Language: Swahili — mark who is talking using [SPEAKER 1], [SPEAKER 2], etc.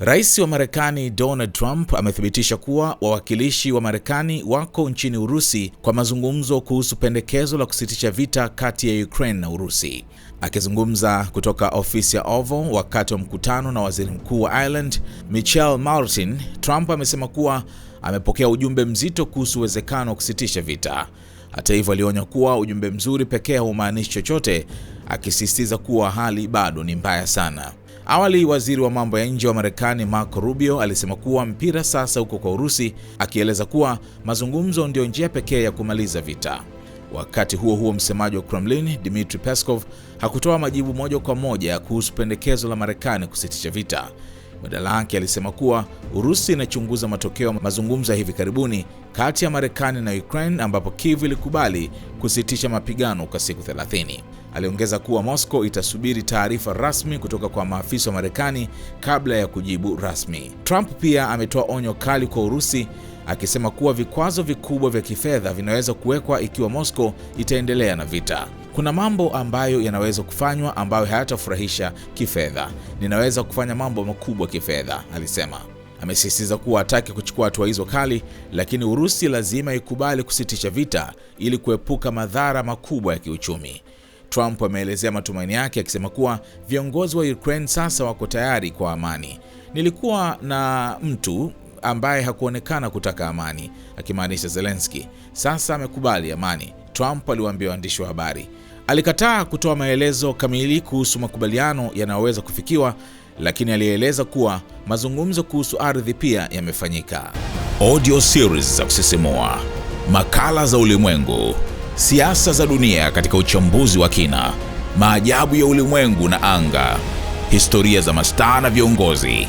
[SPEAKER 1] Rais wa Marekani Donald Trump amethibitisha kuwa wawakilishi wa Marekani wako nchini Urusi kwa mazungumzo kuhusu pendekezo la kusitisha vita kati ya Ukraine na Urusi. Akizungumza kutoka ofisi ya Oval wakati wa mkutano na Waziri Mkuu wa Ireland Michel Martin, Trump amesema kuwa amepokea ujumbe mzito kuhusu uwezekano wa kusitisha vita. Hata hivyo, alionya kuwa ujumbe mzuri pekee haumaanishi chochote, akisisitiza kuwa hali bado ni mbaya sana. Awali waziri wa mambo ya nje wa Marekani Marco Rubio alisema kuwa mpira sasa uko kwa Urusi, akieleza kuwa mazungumzo ndiyo njia pekee ya kumaliza vita. Wakati huo huo, msemaji wa Kremlin Dmitry Peskov hakutoa majibu moja kwa moja kuhusu pendekezo la Marekani kusitisha vita, badala yake alisema kuwa Urusi inachunguza matokeo ya mazungumzo ya hivi karibuni kati ya Marekani na Ukraine ambapo Kiev ilikubali kusitisha mapigano kwa siku 30. Aliongeza kuwa Moscow itasubiri taarifa rasmi kutoka kwa maafisa wa Marekani kabla ya kujibu rasmi. Trump pia ametoa onyo kali kwa Urusi akisema kuwa vikwazo vikubwa vya kifedha vinaweza kuwekwa ikiwa Moscow itaendelea na vita kuna mambo ambayo yanaweza kufanywa ambayo hayatafurahisha kifedha. Ninaweza kufanya mambo makubwa kifedha, alisema. Amesisitiza kuwa hataki kuchukua hatua hizo kali, lakini Urusi lazima ikubali kusitisha vita ili kuepuka madhara makubwa ya kiuchumi. Trump ameelezea matumaini yake akisema kuwa viongozi wa Ukraine sasa wako tayari kwa amani. Nilikuwa na mtu ambaye hakuonekana kutaka amani, akimaanisha zelenski sasa amekubali amani, Trump aliwaambia waandishi wa habari. Alikataa kutoa maelezo kamili kuhusu makubaliano yanayoweza kufikiwa, lakini alieleza kuwa mazungumzo kuhusu ardhi pia yamefanyika.
[SPEAKER 2] Audio series za kusisimua, makala za ulimwengu, siasa za dunia katika uchambuzi wa kina, maajabu ya ulimwengu na anga, historia za mastaa na viongozi